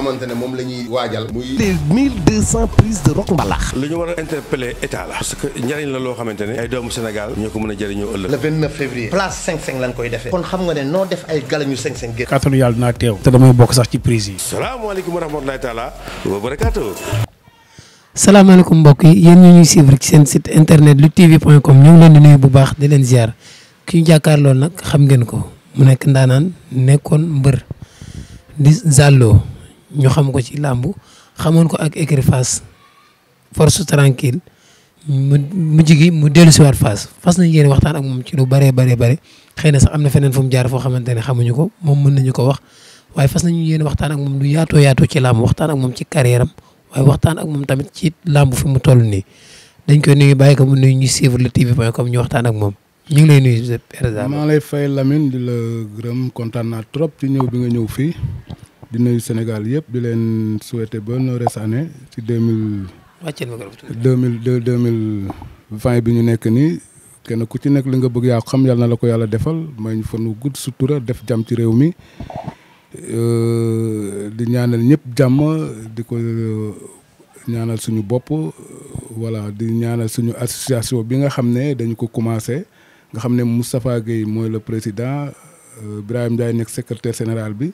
xamante ne moom la ñuy waajal. muy les de rock mbalax. lu ñu war a interpeller état la. parce que njëriñ la loo xamante ne. ay doomu Sénégal ñoo ko mën a jëriñoo ëllëg. le 29 février. place 5-5 lañ koy nga yàlla dinaa teew. te damay bokk sax ci prise yi. salaamaaleykum wa mbokk yi yéen ñuy suivre ci seen site internet luttetv.com ñu ngi leen di nuyu bu baax di leen ziar ki ñu jàkkaarloo nag xam ngeen ko mu nekk ndaanaan nekkoon mbër di Zale Lo ñu xam ko ci làmb xamoon ko ak écurie Fass force tranquille mu mujj mu dellu siwaat Fass fas nañ yéen waxtaan ak moom ci lu bëree bëree bëri na sax am na feneen fu mu jaar foo xamante ne xamuñu ko moom mën nañu ko wax waaye fas nañu yéen waxtaan ak moom lu yaato yaatoo ci làmb waxtaan ak moom ci carrière am waaye waxtaan ak moom tamit ci làmb fi mu toll nii dañ koy nuyu bàyyi ko mun nuyu ñu suivre le TV point comme ñu waxtaan ak moom ñu ngi lay nuyu président maa lay fay Lamine di la gërëm kontaan naa trop ci ñëw bi ñëw fii di nuyu Sénégal yëpp di leen souhaiter ba heureuse année ci deux mille. wàcceel deux mille deux deux mille vingt bi ñu nekk nii. kenn ku ci nekk li nga bëgg yaa xam yàlla na la ko yàlla defal may ñu fan nu gudd sutura def jàmm ci réew mi euh, di ñaanal ñëpp jàmm di ko euh, ñaanal suñu bopp voilà di ñaanal suñu association bi nga xam ne dañu ko commencé nga xam ne Moustapha Guèye mooy le président euh, Ibrahima Ndiaye nekk secretaire général bi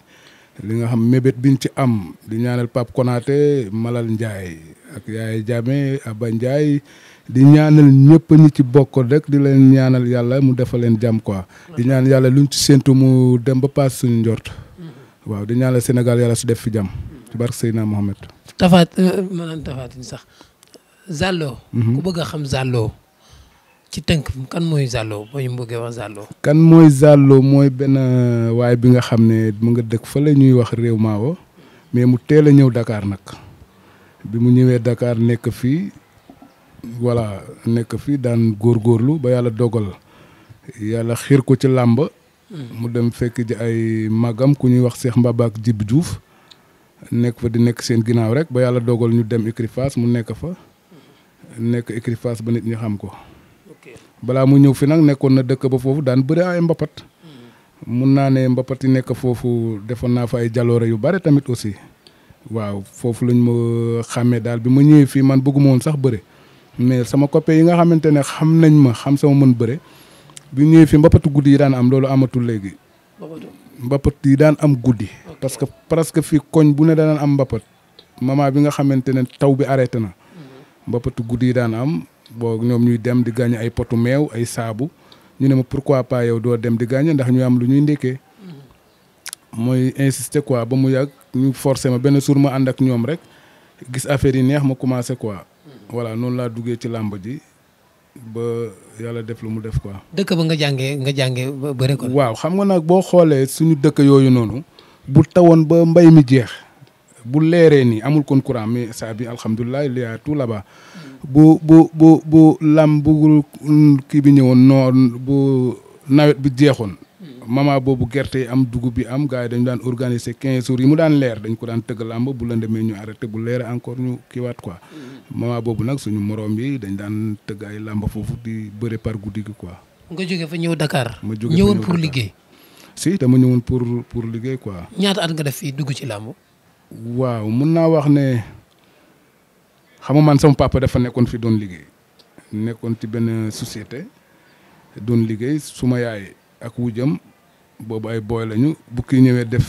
li nga xam mébét biñ ci am di ñaanal Pape Konaté Malal Ndiaye ak Yaay Jaame Aba Ndiaye di ñaanal ñëpp ñi ci bokk rek di leen ñaanal yàlla mu defal leen jàmm quoi. di ñaan yàlla luñ ci séntu mu dem ba paas suñu njort. waaw di ñaanal Sénégal yàlla su def fi jàmm. ci barke Seydina Mohamed. Tafaat euh, maanaam Tafaatine sax Zallo. Mhm. ku bëgg a xam Zallo. ci tënk kan mooy Zallo boo ñu kan mooy Zallo mooy benn euh, waay bi nga xam ne mu nga dëkk fa la ñuy wax réew maawo mais mu teel a ñëw dakaar nag bi mu ñëwee dakaar nekk fii voilà nekk fii daan góor góorlu ba yàlla dogal yàlla xiir ko ci làmb hmm. mu dem fekk ji ay magam ku ñuy wax Cheikh Mbaba ak juuf nekk fa di nekk seen ginnaaw rek ba yàlla dogal ñu dem écurie mu nekk fa nekk écurie ba nit ñi xam ko. balaa mu ñëw fi nag nekkoon na dëkk ba foofu daan bëri ay mbapat mun naa ne mbapat yi nekk foofu defoon naa fa ay jaloore yu bare tamit aussi waaw foofu lañ ma xàmmee daal bi ma ñëwee fii man bëgguma woon sax bëre mais sama coppe yi nga xamante ne xam nañ ma xam sama mën bëre bi ñëwee fi mbapatu guddi yi daan am loolu amatul léegi mbapat yi daan am guddi parce que presque fii koñ bu ne daan am mbapat moment bi nga xamante ne taw bi arrêté na mhm. mbapatu guddi yi am boo ñoom ñuy dem di gagné ay potu meew ay saabu ñu ne ma pourquoi pas yow doo dem di gagné ndax ñu am lu ñuy ndekkee mooy insister quoi ba mu yàgg ñu forcé ma benn suur ma ànd ak ñoom rek gis affaire yi neex ma commencé quoi voilà noonu laa duggee ci làmb ji ba yàlla def lu mu def quoi. dëkk ba nga jàngee nga jàngee ba bëri ko. waaw xam nga nag boo xoolee suñu dëkk yooyu noonu bu tawoon ba mbay mi jeex. bu leeree nii amul kon courant mais saa bi alhamdulilah il y a tout mm. bu bu bu bu lam bu kii bi ñëwoon noon bu nawet bi jeexoon. Mm. mama boobu gerte yi am dugub bi am gars yi dañu daan organiser quinze jours yi mu daan leer dañ ko daan tëgg làmb bu la demee ñu arrêté bu leere encore ñu kiiwaat quoi. Mm. mama boobu nag suñu morom yi dañ daan tëgg ay làmb foofu di bëre par guddi gi quoi. nga jóge fa ñëw dakaar ma jóge fa ñëw pour liggéey. si dama ñëwoon pour pour liggéey quoi. ñaata at nga def fii dugg ci làmb. waaw mun naa wax ne xam nga man sama papa dafa nekkoon fi doon liggéey nekkoon ci benn société doon liggéey su ma yaay ak wujjam boobu ay booy lañu bu kii ñëwee def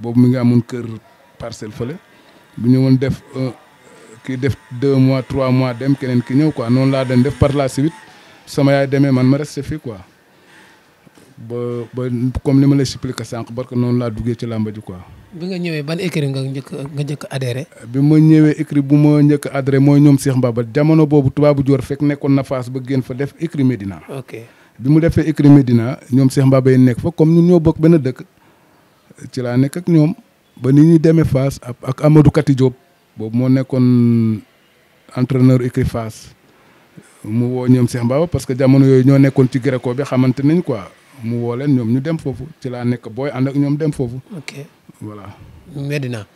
boobu mi ngi amoon kër parcelle fële bu ñëwoon def kii def deux mois trois mois dem keneen ki ñëw quoi noonu laa doon def par la suite sama yaay demee man ma resté fii quoi. ba ba comme ni ma la expliqué sànq barke noonu laa duggee ci làmba ji quoi. bi nga ñëwee ban écrit nga njëkk nga njëkk adhéré. bi ma ñëwee écrit bu ma njëkk adhéré mooy ñoom Cheikh Mbaba jamono boobu tubaabu joor fekk nekkoon na faas ba génn fa def écrit Medina. ok bi mu defee écrit Medina ñoom Cheikh Mbaba yi nekk fa comme ñun ñoo bokk benn dëkk ci laa nekk ak ñoom ba ni ñuy demee faas ak Amadou Kati Diop boobu moo nekkoon entraîneur écrit faas mu woo ñoom Cheikh Mbaba parce que jamono yooyu ñoo nekkoon ci Greco bi xamante nañ quoi. mu woo leen ñoom ñu dem foofu ci laa nekk booy ànd ak ñoom dem foofu. ok voilà. Medina.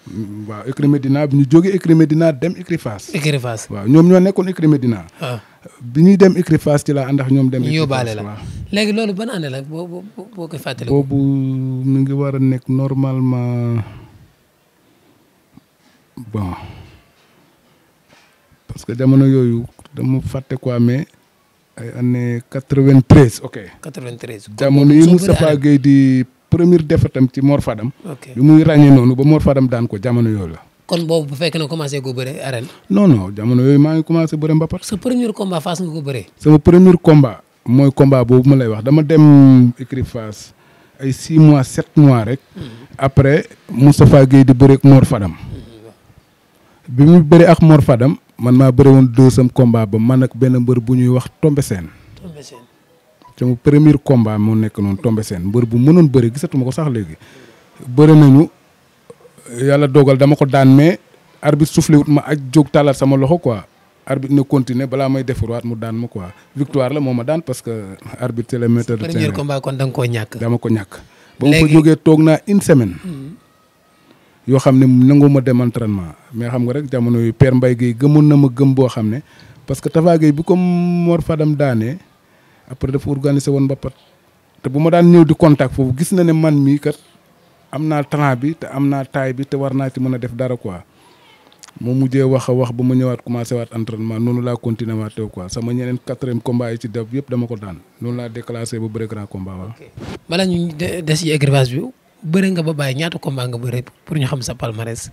waaw écurie Medina bi ñu jógee écurie Medina dem écurie Fass. écurie Fass waaw ñoom ñoo nekkoon écurie dina ah. bi ñuy dem écurie Fass ci laa ànd ak ñoom. dem écurie Fass yóbbaale léegi loolu ban année la boo boo boo koy fàttali. boobu mu ngi war a nekk normalement bon parce que jamono yooyu dama fàtte quoi ay année 93 ok. 93 jamono yi Moustapha Gueye di première défaitam ci Mor Fadam. ok bi muy ràññee noonu ba Mor Fadam daan ko jamono yooyu la. kon boobu bu fekkee ne commencé ko bëre arène. non non jamono yooyu maa ngi commencé bëre mbapat. sa premier combat Fass nga ko bëree. sama premier combat mooy combat boobu ma lay wax dama dem écrit Fass ay 6 mois 7 mois rek. Mm-hmm. après Moustapha Gueye di bëre ak Mor mm-hmm. bi mu bëre ak Mor man maa bëri woon deuxième combat ba man ak benn mbër bu ñuy wax Tombe Sène. Tombe Sène. sama premier combat moo nekk noonu Tombe Sène mbër bu mënoon bëri gisatuma ko sax léegi. bëri nañu yàlla dogal dama ko daan mais arbitre soufflé wut ma ak jóg talaat sama loxo quoi. arbitre ne continuer balaa may defarwaat mu daan ma quoi victoire la moo ma daan parce que arbitre c'est le kon da nga koo ñàkk. dama ko ñàkk. léegi ba ma jógee toog naa une semaine. Hmm. yoo xam ne nanguma dem entraînement mais xam nga rek jamono yu Père Mbaye gëmoon na ma gëm boo xam ne parce que Tafa Gueye bi comme Mor Fadam daanee après dafa organisé woon ba te bu ma daan ñëw di contact foofu gis na ne man mii kat am naa talent bi te am naa taay bi te war naa ci mën a def dara quoi moom mujjee wax a wax ba mu ñëwaat commencé waat entraînement noonu laa continué waat teew quoi sama ñeneen quatrième combat yi ci def yëpp dama ko daan noonu laa déclassé ba bëre grand combat waaw. bala bëre nga ba bàyyi ñaata combat nga bëre pour ñu xam sa palmarès.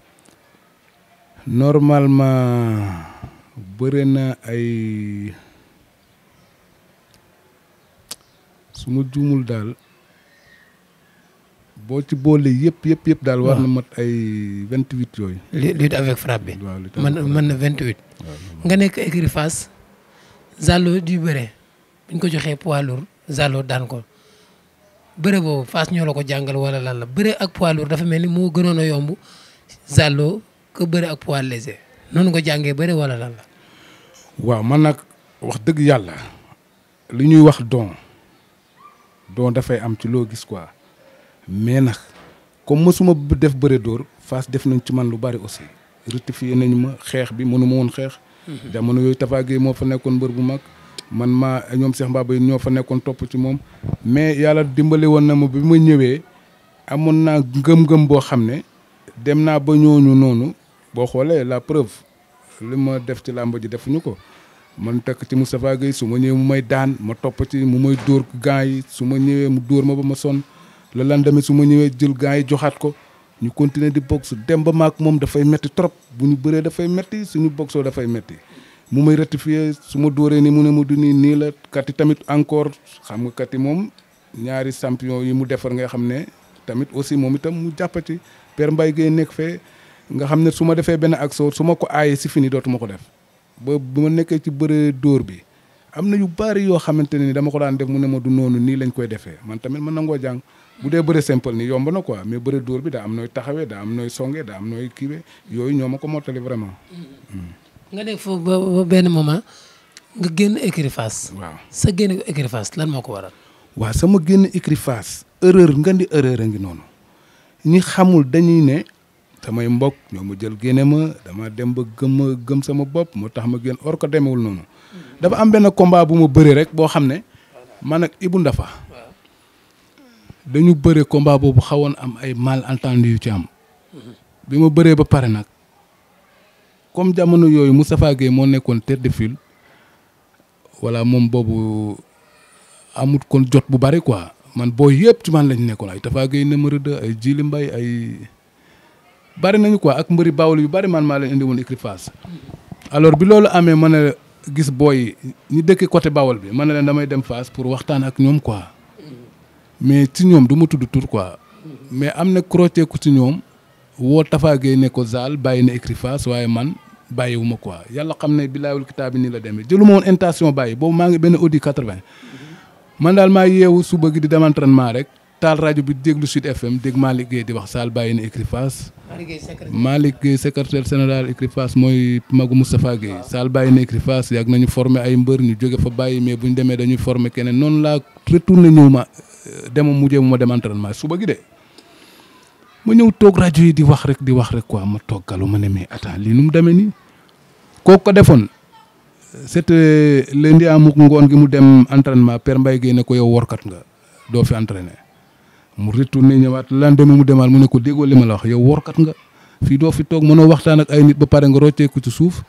normalement bëre na ay su ma juumul daal boo ci boole yëpp yëpp yëpp daal. war na mat ay vingt huit yooyu. lutte avec frappe bi. waaw lutte man na vingt huit. nga nekk écurie Fass Zalo di bëre bu ñu ko joxee poids lourd Zalo daan ko. bëre boobu Fass ñoo la ko jàngal wala lan la bëre ak poids lourd dafa mel ni moo gënoon a yomb Zallo ko bëre ak poids léger noonu ko jàngee bëre wala lan la. waaw man nag wax dëgg yàlla li ñuy wax don don dafay am ci loo gis quoi mais nag comme mësuma def bëre door Fass def nañ ci man lu bari aussi rectifié nañ ma xeex bi mënu ma woon xeex. Mhm. jamono yooyu Tapha Guèye moo fa nekkoon mbër bu mag. man maa ñoom Cheikh Mbaba ñoo fa nekkoon topp ci moom mais yàlla dimbali woon na ma bi ma ñëwee amoon naa ngëm-ngëm boo xam ne dem naa ba ñooñu noonu boo xoolee la preuve li ma def ci làmb ji defuñu ko man takk ci Moustapha Gueye su ma ñëwee mu may daan ma topp ci mu may dóor gants yi su ma ñëwee mu dóor ma ba ma sonn le lendemain su ma ñëwee jël gants yi joxaat ko ñu continuer di boxe dem ba maak moom dafay metti trop bu ñu bëree dafay metti suñu boxoo dafay metti mu may ratifié su ma dóoree ni mu ne ma du nii nii la kati tamit encore xam nga kati moom ñaari champion yi mu defar nga xam ne tamit aussi moom itam mu jàppa ci per mbay Guèye nekk fe nga xam ne su ma defee benn ak soo su ma ko aayee si fi fini dootuma ko def ba bu ma nekkee ci bëre dóor bi am na yu bari yoo xamante ne dama ko daan def mu ne ma du noonu nii lañ koy defee man tamit man nangoo jàng bu dee bëre simple ni yomb na quoi mais bëre dóor bi daa am nooy taxawee daa am nooy songee daa am nooy kiiwee yooyu ñoo ma ko mottali vraiment. Mm-hmm. Mm. nga def foofu ba benn moment nga génn écurie waaw sa génn écurie lan moo ko waral. waaw sama génn écurie Fass erreur nga di erreur a ngi noonu ni xamul dañuy ne samay mbokk ñoo ma jël génne ma dama dem ba gëmma gëm sama bopp moo tax ma génn or ko demewul noonu. dafa am benn combat bu ma bëree rek boo xam ne man ak Ibou Ndafa. dañu bëre combat boobu xawoon am ay malentendu yu ci am. Mhm. bi ma bëree ba pare nag comme jamono yooyu Moustapha Gueye moo nekkoon tête de file voilà moom boobu amut kon jot bu bari quoi man booy yëpp ci man lañu nekkoon ay Tafa Gueye numéro 2 ay Djili Mbaye ay bari nañu quoi ak mbëri Bawol yu bari man maa leen indi woon écurie Fass alors bi loolu amee ma a gis booy ñu dëkk côté Bawol bi ma ne leen damay dem Fass pour waxtaan ak ñoom quoi mais ci ñoom du ma tudd tur quoi mais am na crochet ku ci ñoom. woo Tafa ne ko Zal bàyyi na écrit waaye man bàyyiwuma ma quoi yàlla xam ne bilaayul kitaab bi nii la demee jëlu ma woon intention bàyyi boobu maa ngi benn audi 80. man daal maa yeewu suba gi di dem entraînement rek taal rajo bi déglu Sud FM dég Malick Gueye di wax saal bàyyi na écrit face. Malick Gueye secrétaire général écrit face mooy magumu Moustapha Gueye. waaw Zal bàyyi na écrit face yàgg nañu former ay mbër ñu jóge fa bàyyi mais bu ñu demee dañuy former keneen noonu laa retourné ñëw ma euh, demoon mujjee mu ma dem entraînement suba gi de. ma ñëw toog rajo yi di wax rek di wax rek quoi ma toggalu ma ne mais attends lii nu mu demee nii kooku ko defoon c'était lundi amuk ngoon gi mu dem entraînement Père Mbaye Guèye ne ko yow workat nga doo fi entraîné mu ne ñëwaat lendemain mu demaal mu ne ko déggoo li ma la wax yow workat nga fii doo fi toog mënoo waxtaan ak ay nit ba pare nga rocceeku ci suuf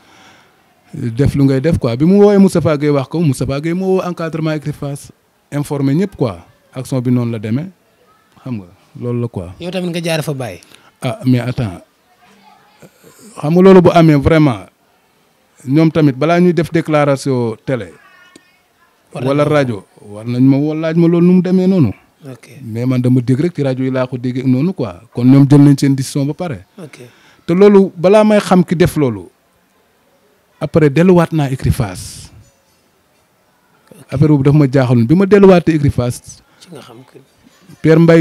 def lu ngay def quoi bi mu woowee Moustapha Guèye wax ko Moustapha Guèye moo woo encadrement écurie Fass informé ñëpp quoi action bi noonu la demee xam nga. loolu la quoi. yow tamit nga jaar fa bàyyi. ah mais attends xam nga loolu bu amee vraiment ñoom tamit balaa ñuy def déclaration télé. wala rajo war nañ ma woo laaj ma loolu nu mu demee noonu. mais man dama dégg rek ci rajo yi laa ko déggee noonu quoi kon ñoom jël nañ seen décision ba pare. ok te loolu balaa may xam ki def loolu après delluwaat naa écrit face bu boobu daf ma jaaxaloon bi ma delluwaat te face. ci nga xam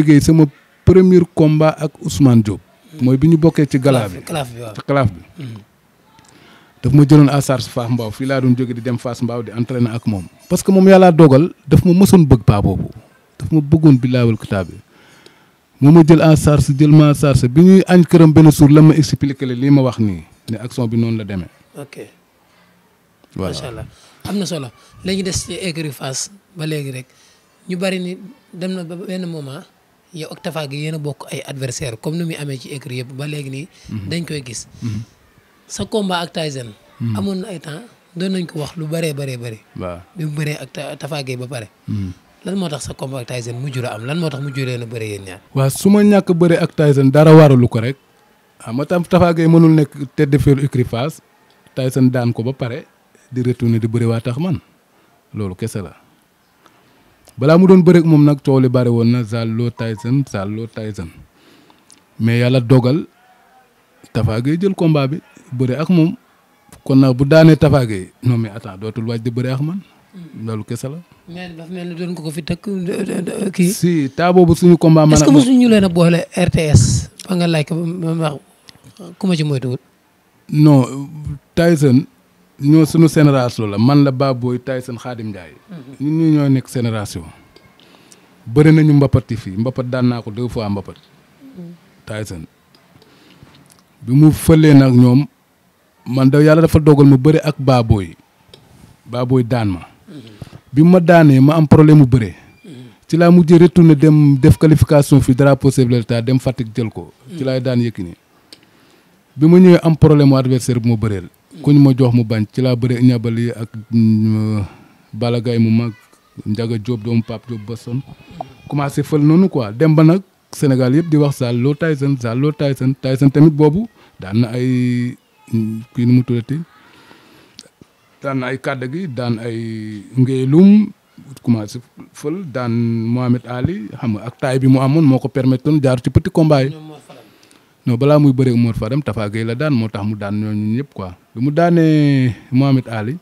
que. sama premier combat ak Ousmane Diop. mooy bi ñu bokkee ci gala bi kalaaf bi waaw ci kalaaf bi. Mm-hmm. daf ma jëloon à Sars Fass Mbao fii laa doon jóge di dem Fass Mbao di entraîner ak moom. parce que moom yàllaa dogal daf ma mësoon bëgg paa boobu daf ma bëggoon billaawal kitaab bi moo ma jël à Sars jël ma à Sars bi ñuy añ këram benn suur la ma expliqué lii ma wax nii ne action bi noonu la demee. ok am na solo léegi des ci écurie Fass ba léegi rek ñu bari ni dem na ba benn moment. yow ak Tapha Gueye yéen a bokk ay adversaire comme ni muy amee ci écrit yëpp ba léegi nii. Mhm. dañ koy gis. Mhm. sa combat ak Tyson. Mhm. amoon na ay temps doon nañ ko wax lu bëree bëree bëri. waaw bi mu bëree ak Tapha Gueye ba pare. lan moo tax sa combat ak Tyson jur la am lan moo tax mujj leen a bëri yéen ñaar. waaw su ma ñàkk a bëri ak Tyson dara waralu ko rek xam ah, nga tam Tapha mënul nekk tête de file écrit face Tyson daan ko ba pare di retourner di bëri waa tax man loolu kese la. balaa mu doon bëreeg moom nag coow li bari woon na Zallo Tyson Zallo Tyson mais yàlla dogal Tapha Gueye jël combat bi bëri ak moom kon nag bu daanee Tapha Gueye non mais attends dootul waaj di bëri ak man. Hmm. loolu kese la. mais dafa ko ko fi tëkk kii. si taa bu suñu combat. man est-ce que mosuñu leen a boole RTS. fa nga laaj ko ba ma wax ku ci moytuwul. non Tyson ñoo suñu génération la man la baabooy Tyson Khadim Ndiaye. ñun ñu ñoo nekk génération. bëri nañu mbapati fii mbapat daan naa ko deux fois mbapat. Tyson bi mu fëlee nag ñoom man da yàlla dafa dogal ma bëri ak Baboy baabooy daan ma. bi ma daanee ma am problème mu bëree. ci laa mujjee retourné dem def qualification fii drapeau chef de l'État dem Fatick jël ko. ci laay daan Yékini bi ma ñëwee am problème mu adversaire bu ma bëreel. ku ñu ma jox mu bañ ci laa bëre ñabali ak euh, balagay mu mag Njaga Jóob doomu Pape Jóob Boston commencé fël noonu quoi dem ba nag Sénégal yëpp di wax Zal Lo Tyson Zal Lo Tyson Tyson tamit boobu daan na ay kii nu mu tuddati daan na ay kàdda gi daan ay ngéelum commencé fël daan Mohamed Ali xam nga ak taay bi mu amoon moo ko permettre jaar ci petit combat non balaa muy bëre Umar Fadam Tafa Gueye la daan moo tax mu daan ñooñu ñëpp quoi lu mu daanee Mohamed Ali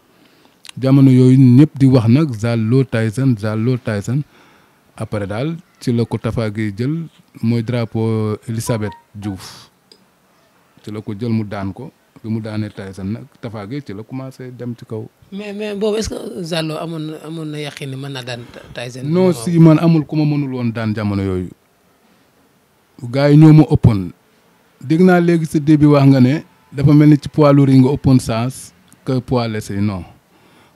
jamono yooyu ñëpp di wax nag Zallo Tyson Zallo Tyson après daal ci la ko Tafa Gueye jël mooy drapeau Elisabeth Diouf ci la ko jël mu daan ko bi mu daanee Tyson nag Tafa Gueye ci la commencé dem ci kaw. mais mais boobu est que Zallo amoon na yaqin ni mën na daan Tyson. non si man amul ku ma mënul woon daan jamono yooyu gars yi ñoo ma ëppoon. dégg naa léegi sa bi wax nga ne dafa mel ni ci poids lourd yi nga ëppoon sens que poids léger yi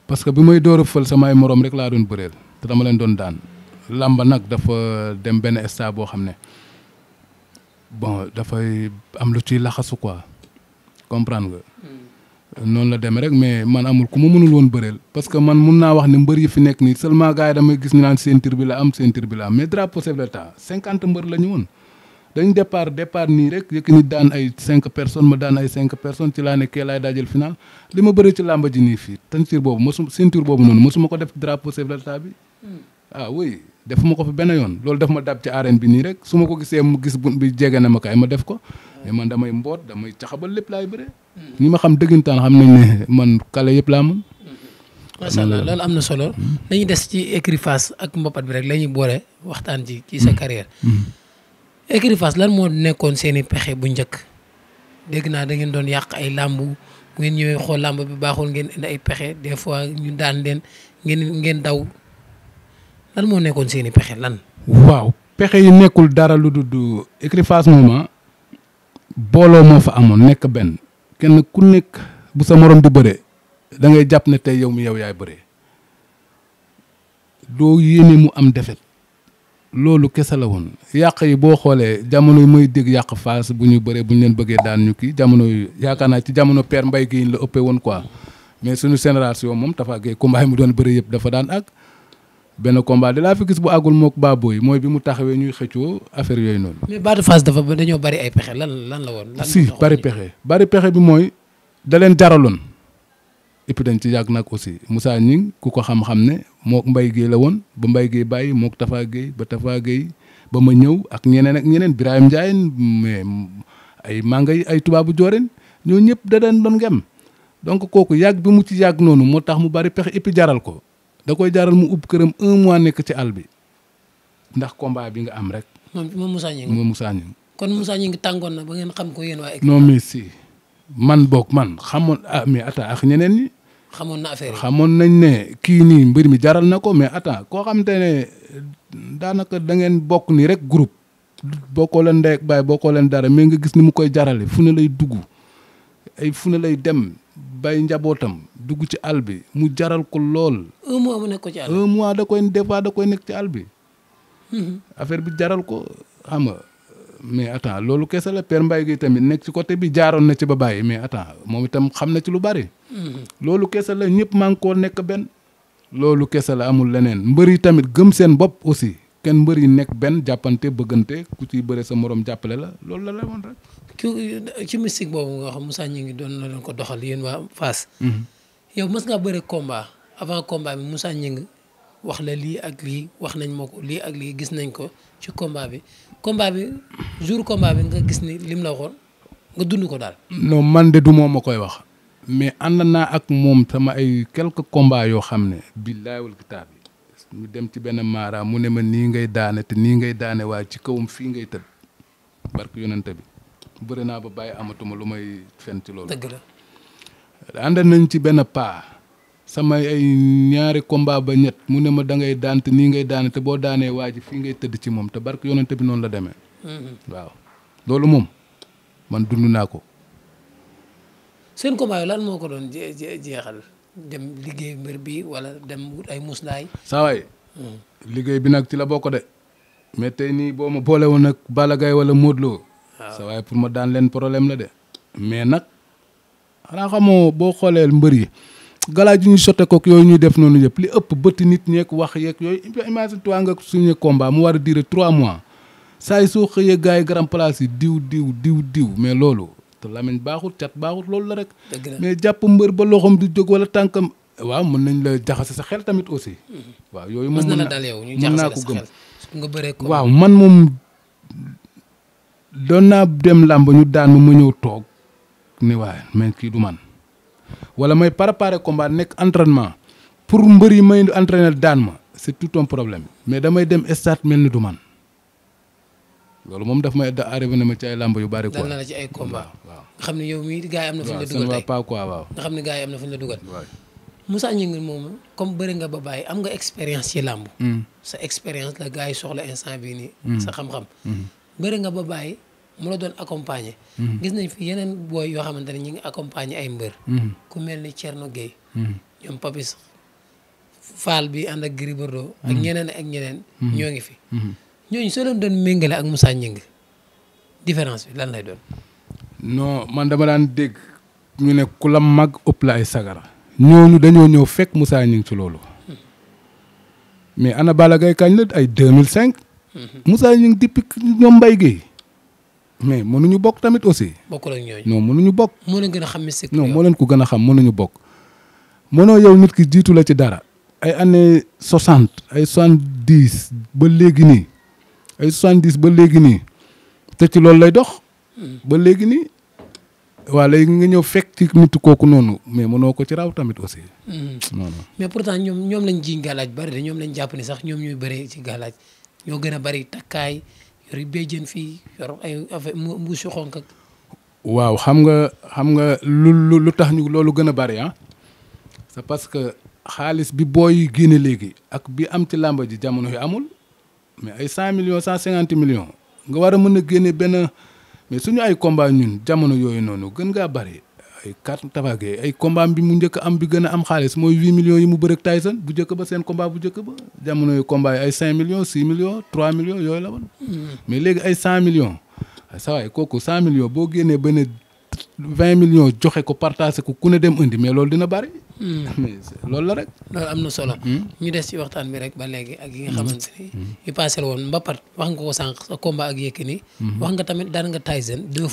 parce que bi may door a fël samay moroom rek laa doon bëreel te dama leen doon daan làmba nag dafa dem benn stade boo xam ne bon dafay am lu ciy laxasu quoi comprendre nga. Hmm. noonu la demee rek mais man amul ku ma mënul woon bëreel. parce que man mun naa wax ne mbër yi fi nekk nii seulement gars yi damay gis ñu naan ceinture bi la am ceinture bi la am mais drapeau chef de l'État cinquante mbër la ñu woon. dañ départ départ nii rek Yékini daan ay cinq personnes ma daan ay cinq personnes ci laa nekkee laay daajal final li ma bëri ci làmba ji nii fii ceinture boobu mosuma ceinture boobu noonu mosuma ko def drapeau chef de l'État bi hmm. ah oui defuma ko fi benn yoon loolu daf ma dab ci arène bi nii rek su ma ko gisee mu gis bunt bi jege na ma kaay ma def ko mais man damay mboot damay caxabal lépp laay bëree hmm. ñi ma xam dëggantaan xam nañ ne man kale yëpp laa mën hmm. macha allah am na solo dañuy des ci écurie ak mbapat bi rek la ñuy boole waxtaan ci ci sa carrière écurie Fass lan moo nekkoon seeni pexe bu njëkk dégg naa da ngeen doon yàq ay làmb bu ngeen ñëwee xool làmb bi baaxul ngeen indi ay pexe des fois ñu daan leen ngeen ngeen daw lan moo nekkoon seen i pexe lan. waaw pexe yi nekkul dara lu dudd écurie Fass moom booloo moo fa amoon nekk benn kenn ku nekk bu sa morom di bëre dangay jàpp ne tey yow mi yow yaay bëree doo yéene mu am defet loolu kese la woon yàq yi boo xoolee jamono yi muy dégg yàq faas bu ñu bëree bu ñu leen bëggee daan ñu kii jamono yu yaakaar naa ci jamono père mbay gi la ëppee woon quoi mais suñu génération moom Tapha Gueye combat yi mu doon bëri yëpp dafa daan ak benn combat di laa fi gis bu agul mook baaboo yi mooy bi mu taxawee ñuy xëccoo affaire yooyu noonu. mais Bada Fass dafa dañoo bari ay pexe lan lan la woon. lan si bari pexe bari pexe bi mooy da leen jaraloon. et dañ ci yàgg nag aussi Moussa Gningue ku ko xam-xam ne mook mbay Guèye la woon ba mbay Guèye bàyyi mook Tafa Guèye ba Tafa Guèye ba ma ñëw ak ñeneen ak ñeneen Birahim Ndiaye mais ay yi ay tubaabu jooreen ñoo ñëpp da daan doon ngem donc kooku yàgg bi mu ci yàgg noonu moo tax mu bari pexe et puis jaral ko da koy jaral mu ub këram un mois nekk ci àll bi ndax combat bi nga am rek. moom moom Moussa Gningue moom Moussa Gningue kon Moussa Gningue tàngoon na ba ngeen xam ko yéen waa. non si. man boog man xamoon ah mais attends ak ñeneen ñi. xamoon na affaire xamoon nañ ne kii nii mbir mi jaral na ko mais attends koo xam te ne daanaka da ngeen bokk nii rek groupe. bokkoo leen ndey ak baay bokkoo leen dara mais nga gis ni mu koy jarale fu ne lay dugg ay fu lay dem bay njabootam dugg ci àll bi mu jaral ko lool. un ci àll mois da koy des fois da koy nekk ci àll bi. Mhm. affaire bi jaral ko xam nga. mais attends loolu kese la Père Mbaye gi tamit nekk ci côté bi jaaroon na ci ba bàyyi mais attends moom itam xam na ci lu bari. Hmm. loolu kese la ñëpp maa koo nekk benn. loolu kese la amul leneen mbër yi tamit gëm seen bopp aussi kenn mbër yi nekk benn jàppante bëggante ku ci bëre sa moroom jàppale la loolu la la woon rek. ci ci mystique boobu nga xam Moussa ñu ngi doon na leen ko doxal yéen waa fas hmm. yow mës ngaa bëre combat avant combat bi Moussa wax la lii ak lii wax nañ ma ko lii ak lii gis nañ ko ci combat bi combat bi jour combat bi nga gis ni lim la waxoon nga dund ko daal. non man de du moom ma koy wax. mais ànd naa ak moom sama ay quelques combats yoo xam ne billaay wal kitaab yi ñu dem ci benn maara mu ne ma nii ngay daane te nii ngay daane waaye ci kawam fii ngay tëdd barke yonente bi bëri naa ba bàyyi amatuma lu may fen ci loolu. ànd nañ ci benn paa. sama ay ñaari combat ba ñett mu ne ma dangay ngay daan te nii ngay daane te boo daanee waa ji fii ngay tëdd ci moom te bark barke te bi noonu la demee. Mm-hmm. waaw loolu moom man dund naa ko. seen combat yi lan moo ko doon jeexal dem liggéey mbir bi wala dem wut ay muslaay. saa waay mm. liggéey bi nag ci la bokk de mais tey nii boo ma boole woon ak Balla Gaye wala Modou Lo. pour ma daan leen problème la de. mais nag xanaa xamoo boo xooleel mbër yi. galaay ji ñu sotte kook yooyu ñuy def noonu yëpp li ëpp bëtt nit ñeek wax yeeg yooyu imagine toi nga suñu combat mu war a durer trois mois saa yi soo xëyee gars yi grand place yi diw diw diw diw mais loolu te lamiñ baaxul cat baaxul loolu la rek mais jàpp mbër ba loxoom di jóg wala tànkam waaw mën nañ la jaxase sa xel tamit aussi mm-hmm. waaw yooyu moom mën naa ko gëm waaw man moom doon naa dem làmb ñu daan ma ñëw toog ni waaye mais kii du man wala may préparer combat nekk entraînement pour mbër yi may entraîner daan ma c' tout un problème mais damay dem stade mel ni du man loolu moom daf may da arrivé ma ci ay làmb yu bari. ko dal na ci ay combat waaw nga xam ne yow mii gars yi am na fu ñu la dugal tey xam ne gars yi am na fu ñu la dugal. waay Moussa Gningue moom comme bëri nga ba bàyyi am nga expérience ci làmb. Mm. sa expérience la gars yi soxla instant bii nii. Mm. sa xam-xam. Mm. bëri nga ba bàyyi. mu la doon accompagner. Mhm. gis nañ fi yeneen booy yoo xamante ne ñu ngi accompagner ay mbër. Mhm. ku mel ni Thierno Gueye. Mhm. ñoom Papis Fall bi ànd ak Gris Bordeaux ak ñeneen ak ñeneen. ñoo ngi fi. ñooñu soo leen doon méngale ak Moussa Gningue différence bi lan lay doon. non man dama daan dégg ñu ne ku la mag ëpp sagara. ñooñu dañoo ñëw fekk Moussa Gningue ci loolu. Hmm. mais ana Balla gay kañ la ay musaa hmm. Moussa Gningue depuis ñoom Mbaye mais mënuñu bokk tamit aussi. bokkul ak ñooñu non mënuñu bokk. moo leen gën a xam mystique non moo leen ko gën a xam mënuñu bokk. mënoo yow nit ki jiitu la ci dara. ay années soixante ay soixante dix ba léegi nii ay soixante dix ba léegi nii te ci loolu lay dox. Hmm. ba léegi nii. waaw léegi nga ñëw fekk ci nit kooku noonu mais mënoo ko ci raw tamit aussi. Hmm. non mais pourtant ñoom ñoom lañ jiñ galaaj bari de ñoom lañ jàpp ni sax ñoom ñooy bëree ci galaaj ñoo gën a bari takkaay. yor béjjén fii ay affaire mbuusu xonk ak. waaw xam nga xam nga lu lu tax ñu loolu gën a bari ah c'est parce que xaalis bi booy génne léegi ak bi am ci làmba ji jamono yi amul mais ay cent millions cent cinquante millions nga war a mën a génne benn mais suñu ay combat ñun jamono yooyu noonu gën ngaa bari ay carte Tapha Gueye ay combat bi mu njëkk am bi gën a am xaalis mooy huit millions yi mu bërëg Tyson bu njëkk ba seen combat bu njëkk ba jamono yu combat yi ay cinq millions six millions trois millions yooyu la woon hmm. mais ko ku ne dem indi mais loolu dina bari. Hmm. loolu la rek. loolu am na solo. Hmm. ñu des ci waxtaan bi rek ba léegi ak yi nga xamante ni. yu paase woon Mbapat wax nga ko sànq sa combat ak Yékini. wax nga tamit daan nga Tyson deux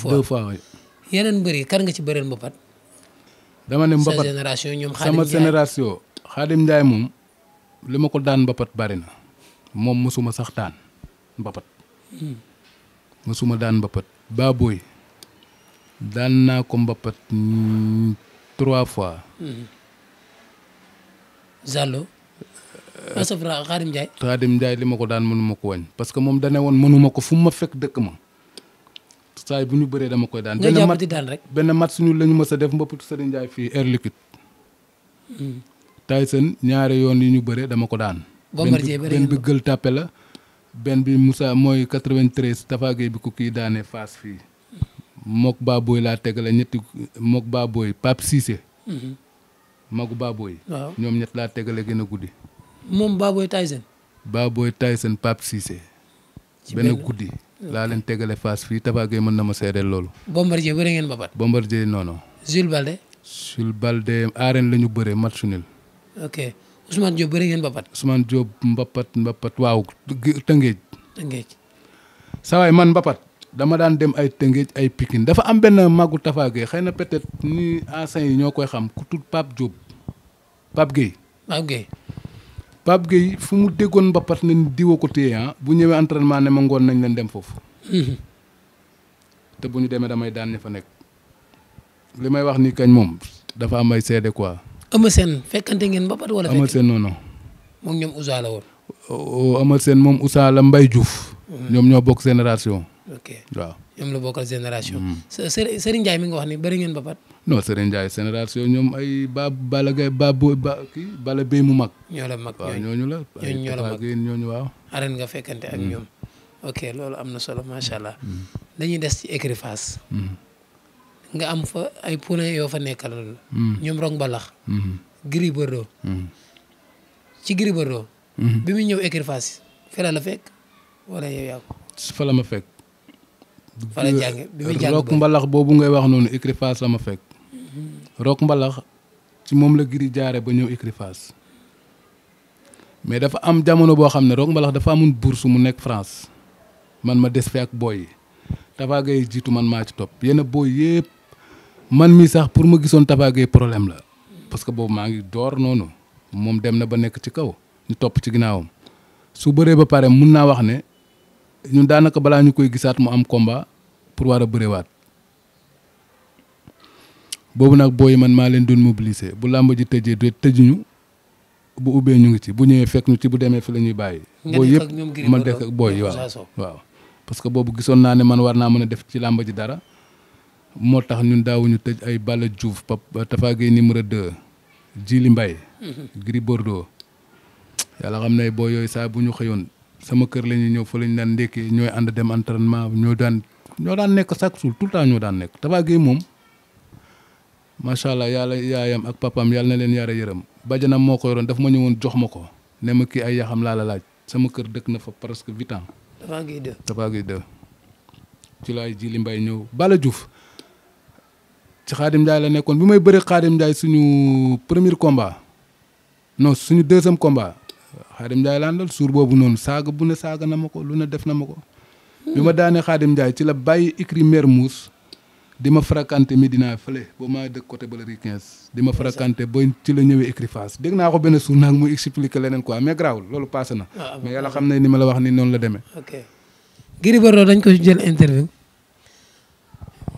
yeneen mbër yi kan nga ci bëreel mbapat. dama ne mbapat sa ñoom Xaadim sama génération Xaadim Ndiaye moom li ma ko daan mbapat bari na moom mosuma sax daan mbapat. Hmm. mosuma daan mbapat baabooy daan naa kom mbapat trois fois. Hmm. Zallo. Euh, asafra Xaadim Ndiaye. Xaadim Ndiaye li ma ko daan mënuma ko wañ parce que moom dane woon mënuma ko fu ma fekk dëkk ma. saay bu ñu bëree dama koy daan. ngay jàpp di daan rek benn mat suñu la ñu mës a def mbëppatu Serigne Ndiaye fii air liquide. Hmm. Tyson ñaari yoon yi ñu bëree dama ko daan. Bombardier bëree benn bi gël tàppe la. benn bi Moussa mooy 93 Tafa Gueye bi ku kii daane fas fii. mook Baboy laa tegale ñetti mook Baboy Pape Cissé. Hmm. magu Baboy. waaw ñoom ñett laa tegale gën a guddi. moom Baboy Tyson. Baboy Tyson Pape Cissé. ci benn guddi laa leen tegale fas fii Tapha mën na ma seedeel loolu. Bombardier bëre ngeen mbapat. Bombardier non non. Jules Balde. Jules Balde arène la ñu bëree match nul. ok Ousmane Diop bëre ngeen mbapat. Ousmane Diop mbapat mbapat waaw Tëngéej. Tëngéej. saa waay man mbapat dama daan dem ay Tëngéej ay Pikine dafa am benn màggu Tapha Gueye xëy na peut-être ni anciens yi ñoo koy xam ku tudd Pape Diop Pape Gueye. Pape Gueye fu mu déggoon mbapat ne diwa ko téye ah bu ñëwee entraînement ne ma ngoon nañ leen dem foofu. Mhm. te bu ñu demee damay daan ña fa nekk. li may wax ni kañ moom dafa am ay seede quoi. Eumeu Sène fekkante ngeen mbapat wala. Eumeu Sène non non. moom ñoom Ousa la woon. Oh, oh, Eumeu Sène moom Ousa la Mbaye Diouf. Mhm. ñoom ñoo bokk génération. waaw ñoom la bokkal génération. Mhm. Serigne Ndiaye mi nga wax ni bëri ngeen mbapat. non Serigne Ndiaye génération ñoom ay ba Balla ba ba ba kii Balla Bey mu mag. ñoo la ñooñu la. ñooñu ñoo la mag waaw. arène nga fekkante ak mm. ñoom. ok loolu am na solo macha allah. Mm. dañuy des ci écurie Fass. Mm. nga am fa ay poulain yoo fa nekkal. ñoom Roc Mbalax. Gris Bordeaux. ci Gris Bordeaux. bi muy ñëw écurie Fass fi la la fekk fa la ma fekk. fa la jànge bi muy jàng boobu ngay wax noonu écurie Fass la ma fekk. Rock Mbalax ci moom la giri jaare ba ñëw écurie mais dafa am jamono boo xam ne Rock Mbalax dafa amoon buur su mu nekk France man ma des fi ak booy yi Tafa yi jiitu man maa ci topp yenn booy yépp man mii sax pour ma gisoon Tafa Gueye problème la parce que boobu maa ngi door noonu moom dem na ba nekk ci kaw ñu topp ci ginnaawam su bëree ba pare mun naa wax ne ñun daanaka balaa ñu koy gisaat mu am komba pour war a bëreewaat boobu nag booy man maa leen doon mobiliser bu làmb ji tëjee de tëjuñu bu ubbee ñu ngi ci bu ñëwee fekk ñu ci bu demee fi la ñuy bàyyi. booy yëpp man def ak booy waaw waaw. parce que boobu gisoon naa ne man war naa mën a def ci làmb ji dara moo tax ñun daawuñu tëj ay Balla Diouf Pap Tafa Gueye numéro 2 Jili Mbaye. Gris Bordeaux. yàlla xam ne boo yooyu saa bu ñu xëyoon sama kër la ñuy ñëw fa la ñu daan ndékkee ñooy ànd dem entraînement ñoo daan ñoo daan nekk chaque jour tout le temps ñoo daan nekk Tafa Gueye moom. macha allah yàlla yaayam ak papaam yàlla na leen yara yërëm bajanam moo ko yoroon daf ma woon jox ma ko ne ma kii ay yaxam laa la laaj sama kër dëkk na fa presque huit ans. Tapha Guèye 2 Tapha Guèye 2 ci laay ji li mbay ñëw Bala Diouf ci Xaadim Ndiaye la nekkoon bi may bëri Xaadim Ndiaye suñu premier combat non suñu deuxième combat Xaadim Ndiaye laa ndal suur boobu noonu saaga bu ne saaga na ma ko lu ne def na ma ko. bi ma daanee Xaadim Ndiaye ci la bàyyi écrit Mermoz di ma fréquenté Medina fële ba maa dëkk côté ba la rue 15. di ma fréquenté ba ci la ñëwee écurie Fass dégg naa ko benn suur nag muy expliqué leneen quoi mais garaawul loolu passé na. Ah, mais yàlla xam ne ni ma la wax ni noonu la demee. ok Gris dañ ko jël interview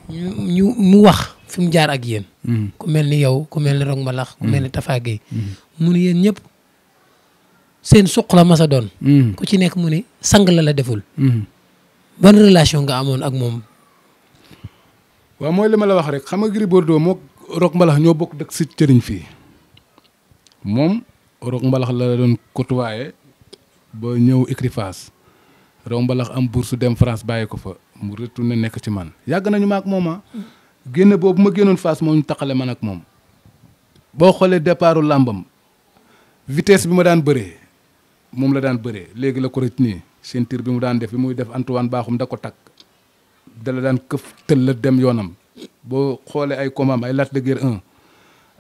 ñu mu wax fi mu jaar ak yéen. Hmm. ku mel ni yow ku mel ni Rock Mbalax ku hmm. mel ni Tafa Gueye. Hmm. mu ne yéen ñëpp seen suq la mas a doon. ku ci nekk mu ne sang la la deful. ban relation nga amoon ak moom. waaw mooy li ma la wax rek xam nga Gris Bordeaux moo Rock Mbalax ñoo bokk dëkk si cëriñ fii moom Rock Mbalax la doon côtoyé ba ñëw écurie Fass Rock Mbalax am bourse dem France bàyyi ko fa mu na nekk ci man yàgg nañu ma ak moom ah. génn boobu ma génnoon fas moo ñu taxale man ak moom boo xoolee départu làmbam vitesse bi ma daan bëree moom la daan bëree léegi la ko rëcc nii ceinture bi mu daan def bi muy def Antoine Baaxum da ko takk dala daan këf tëll dem yoonam boo xoolee ay combat ay Lac de Guiers 1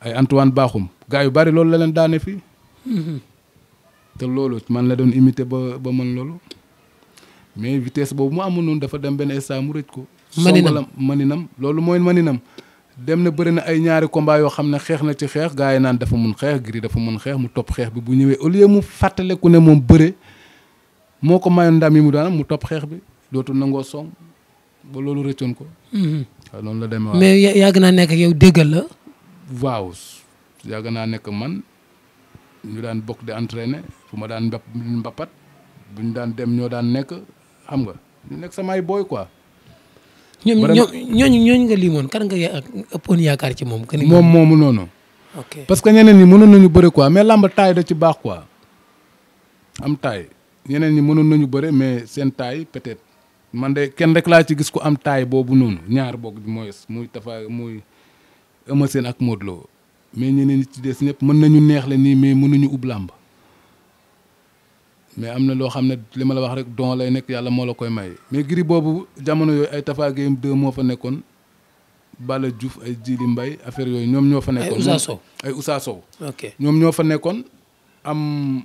ay Antoine Bakhoum gars yu bari loolu la leen daane fii mhm. te loolu man la doon imité ba ba mën loolu mais vitesse boobu mu amoon noonu dafa dem benn instant mu rëcc ko. maninam maninam loolu mooy maninam dem na bëri na ay ñaari combat yoo xam ne xeex na ci xeex gars yi naan dafa mun xeex Gris dafa mun xeex mu topp xeex bi bu ñëwee au lieu mu fàttaleku ne moom bëre moo ko mayoon ndam yi mu daan mu topp xeex bi dootul nangoo song ba loolu rëccoon ko. Mhm. waaw noonu la demee waaw mais yàgg nekk yow déggal la. waaw yàgg naa nekk man ñu daan bokk di entraîner fu ma daan mbapat bu ñu daan dem ñoo daan nekk xam nga ñu nekk samay booy quoi. ñoom ñooñu ñooñu nga limoon kan nga ëppoon yaakaar ci moom. que ni moom moomu noonu. ok parce que ñeneen ñi mënoon nañu bëre quoi mais làmb taay da ci baax quoi am taay ñeneen ñi mënoon nañu bëre mais seen taay peut-être. man de kenn rek laa ci gis ko am taay boobu noonu ñaar boog mooy muy Tafa muy Eumeu Sène ak Modou mais ñeneen ñi ci des ñëpp mën nañu neex nii mais mënuñu ub làmb mais am na loo xam ne li ma la wax rek don lay nekk yàlla moo la koy may mais giri boobu jamono yooyu ay Tafa Gueye 2 moo fa nekkoon Bala Diouf ay Djili mbay affaire yooyu ñoom ñoo fa nekkoon. ay Ousa Sow ay ñoom ñoo fa nekkoon am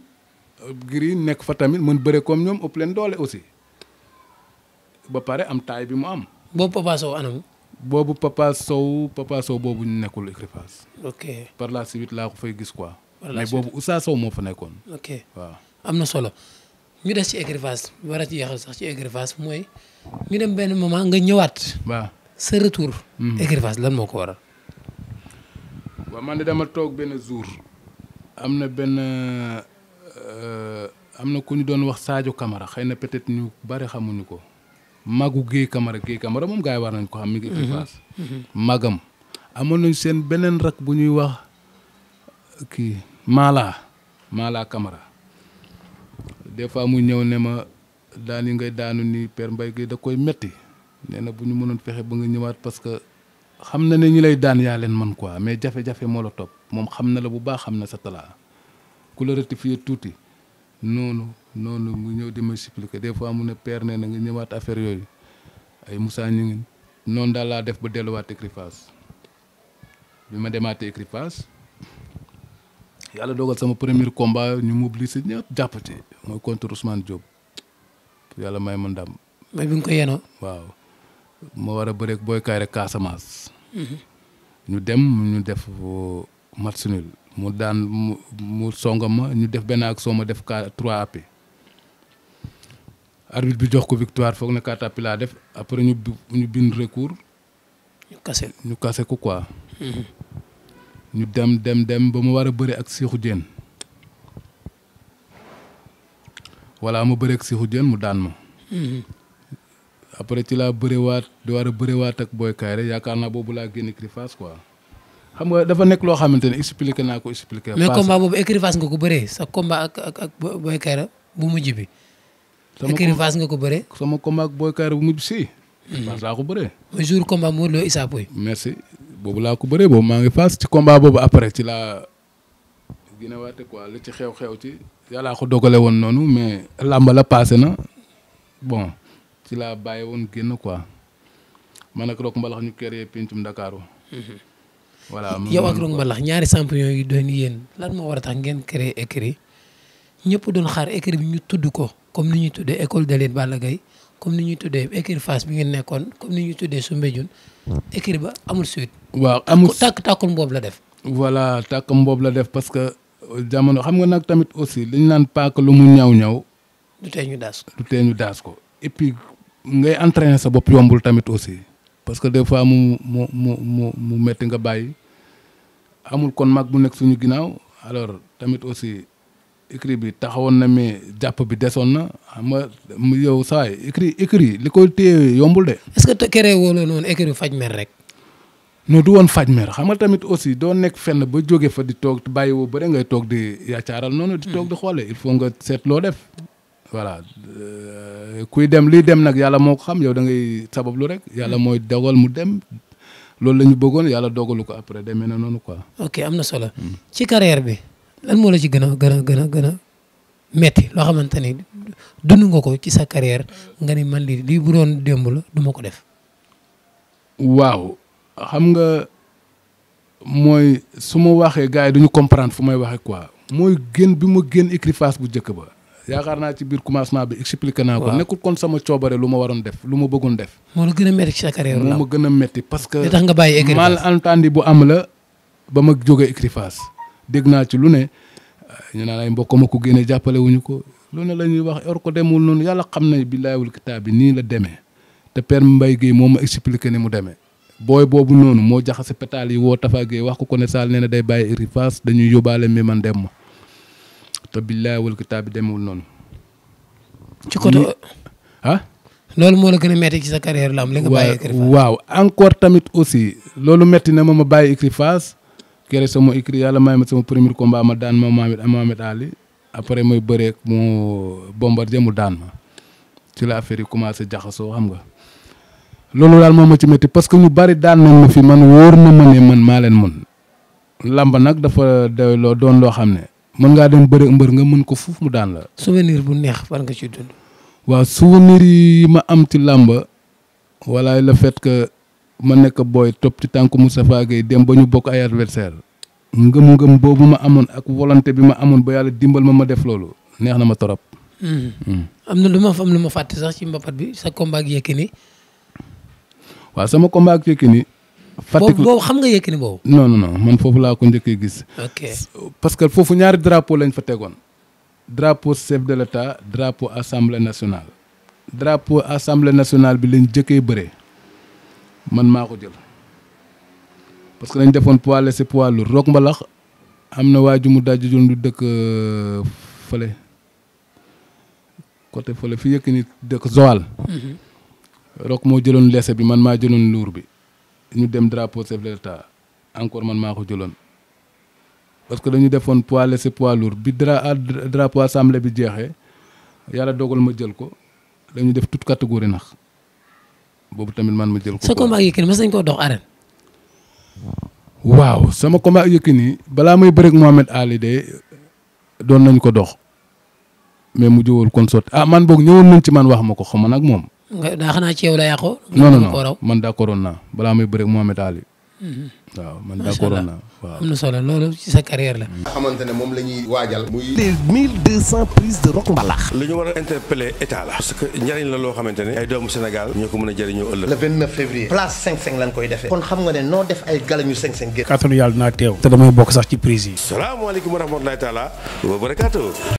euh, giri nekk fa tamit mën bëre comme ñoom ëpp leen doole aussi. ba pare am taay bi mu am. boobu Papa Sow anam. boobu Papa Sow Papa boobu ñu nekkul écurie Fass. ok par la suite laa ko fay gis quoi. boobu Oussa Sow moo fa nekkoon. ok waaw am na solo. ñu des ci écurie Fass war a sax ci écurie mooy ñu dem benn moment nga ñëwaat. waaw sa retour. écurie mm-hmm. lan moo ko waral. waaw man de dama toog benn jour. am na benn euh, am na ku ñu doon wax Sadio kamara xëy na peut-être ñu bari xamuñu ko. magu Guèye Camara Guèye Camara moom gars yi war nañ ko xam mi ngi équipe mhm. face mhm. magam amoon nañ seen beneen rak bu ñuy wax kii Mala Mala Camara des fois mu ñëw ne ma daan yi ngay daanu ni Père Mbaye Guèye da koy metti nee na bu ñu mënoon fexe ba nga ñëwaat parce que xam na ne ñi lay daan yaa leen man quoi mais jafe-jafe moo la topp moom xam na la bu baax xam na sa talaa ku la rectifier tuuti noonu noonu mu ñëw di ma expliquer des fois mu ne per ne na nga ñëwaat affaire yooyu ay Moussa ñu ngi noonu daal laa def ba delluwaat écurie bi ma demaat écurie Fass yàlla dogal sama premier combat ñu mobiliser ñëpp jàpp ci mooy contre Ousmane Diop yàlla may ma ndam. mooy bi nga ko yénoo. waaw ma war a bëreeg Boy Kaïré Casamance. Mhm. ñu dem ñu def match nul mu daan mu songama ñu def benn ak soo ma def ka trois AP. arbitre bi jox ko victoire foog ne kàttappi laa def après ñu ñu bind recours. ñu kase ñu kase ko quoi. Mhm. ñu dem dem dem ba mu war a bëri ak siixu Diène. voilà ma bëri ak Cheikhou Diène mu daan ma. Mhm. après ci laa waat di war a bëriwaat ak Boy Kayre yaakaar naa boobu laa génn écrifasse quoi. xam nga dafa nekk loo xamante ne expliqué naa ko expliqué. mais combat boobu écrifasse nga ko bëree sa combat ak ak ak bu mujj bi. sama écurie Fass nga ko bëree. sama combat ak Boy Kaare bu mujj si. Hmm. Fass laa ko bëree. un jour combat Modou Lo Issa Pouye. merci boobu laa ko bëree boobu maa ngi Fass ci combat boobu après ci laa ginewaate quoi la ci xew-xew ci yàllaa ko dogale woon noonu mais làmba la paase na bon ci laa bàyyi woon génn quoi man ak Rock Mbalax ñu créé pencum Ndakaaru. Hmm. voilà yow ak Rock Mbalax ñaari champion yi doon yéen lan moo war tax ngeen créé écurie ñëpp doon xaar écurie bi ñu tudd ko. comme ni ñuy tuddee école de l'élite Balla Gaye comme ni ñuy tuddee écurie Fass bi ngeen nekkoon comme ni ñuy tuddee Soumbédioune écurie ba amul suite. waaw amul takk takkul mboob la def. voilà tàkk mboob la def parce que euh, jamono xam nga nag tamit aussi liñ naan paak lu mu ñaw ñaw. du tee ñu daas ko du tee daas ko et puis ngay entraîner sa bopp yombul tamit aussi parce que des fois mu mu mu mu mu métti nga bàyyi amul kon mag bu nekk suñu ginnaaw alors tamit aussi. écrit bi taxawoon na mais jàpp bi desoon na xam nga mu yow saay écrit écrit li ko téye yombul de. est-ce que woo la noonu écrit faj mer rek. non du woon faj mer xam tamit aussi doo nekk fenn ba jóge fa di toog bàyyi woo bëre ngay toog di yaacaaral noonu. di toog di xoole il faut nga seet loo def. voilà euh, kuy dem liy dem nag yàlla moo xam yow da ngay sabablu rek yàlla mooy dogal mu dem loolu lañu bëggoon yàlla dogalu ko après demee na noonu quoi. ok am na solo. lan moo la ci gën a gën a gën a gën a metti loo xamante ni dund nga ko ci sa carrière nga ni man di lii bu doon démb la du ko def. waaw xam nga mooy su ma waxee gaa yi duñu comprendre fu may waxee quoi mooy génn bi ma génn écurie bu jëkk ba yaakaar naa ci biir commencement bi expliqué naa ko. nekkul kon sama coobare lu ma waroon def lu ma bëggoon def. moo la gën metti ci sa carrière moo ma gën a metti parce que. li nga bàyyi écurie Fass bu am la ba ma jógee écurie Fass dégg naa ci lu ne ñu naan ay mbokk ma ko génne jàppale ko lu ne la ñuy wax or ko demul noonu yàlla xam na billaayul kitaab bi nii la demee te père Mbaye Guèye moom ma expliqué ni mu demee. booy boobu noonu moo jaxase pétale yi woo Tafa Guèye wax ko ko ne Saal nee na day bàyyi Iri Fass dañuy yóbbaale mi man dem ma te billaayul kitaab bi demewul noonu. ci côté ah. loolu moo la gën a metti ci sa carrière la am li nga bàyyi. waaw kere sama écrit yàlla may ma sama premier combat ma daan ma Mohamed Ali après may bëreek mu Bombardier mu daan ma ci la affaire yi commencé jaxasoo xam nga loolu daal moom ma ci métti parce que ñu bari daan nañ ma fi man wóor na ma man maa leen mën lamba nag dafa doy loo doon loo xam ne mën ngaa dem bëre mbër nga mën ko fuuf mu daan la. souvenir bu neex war nga ci dund. waaw souvenir yi ma am ci làmba walaay le fait que ma nekk booy topp ci tànku Moustapha Gueye dem ba ñu bokk ay adversaire ngëm-ngëm boobu ma amoon ak volonté bi ma amoon ba yàlla dimbal ma ma def loolu neex na ma torop hmm. Hmm. am na lu ma am lu ma fàtte sax ci mbapat bi sa combat ak Yékini waaw sama combat ak Yékini Fatick boobu xam nga Yékini man foofu laa ko njëkkee gis ok parce que foofu ñaari drapeau lañ fa tegoon drapeau chef de l' état drapeau assemblée nationale drapeau assemblée nationale bi lañ jëkkee bëree man maa ko jël parce que dañ defoon poids léger poids lourd roog mbalax am na waa ju mu daj jël du dëkk euh, fale côté fële fi yëkk ni dëkk Joal mm-hmm. roog moo jëloon lesse bi man maa jëloon lourd bi ñu dem drapeau chef encore man maa ko jëloon parce que dañu defoon poids léger poids lourd bi dra drapeau assemblée bi jeexee yàlla dogal ma jël ko dañu def toute catégorie nax boobu tamit man ma jël ko. sa combat ak Yékini mas nañ koo dox arène. waaw sama combat ak Yékini balaa may bëreeg Mohamed Ali de doon nañ ko dox mais mu jëwal kon sotti ah man boog ñëwoon nañ ci man wax ma ko xam ma nag moom. nga daa xanaa ci yow la yàqoo. non non man d'accordoon naa balaa may bëreeg Mohamed Ali. waaw man d'accord naa waaw am na solo loolu ci sa carrière la. nga mm. xamante ne moom la ñuy waajal. muy les mille deux de rock mbalax. li ñu war a interpeller état la. parce que njariñ la loo xamante ne. ay doomu Sénégal ñoo ko mën a jëriñoo ëllëg. le vingt neuf février. place 5-5 lañ koy defee. kon xam nga ne noo def ay galañu 5-5 génn. kàttanu yàlla naa teew. te damay bokk sax ci prise yi. salaamaaleykum wa rahmatulahi taala wa barakaatu.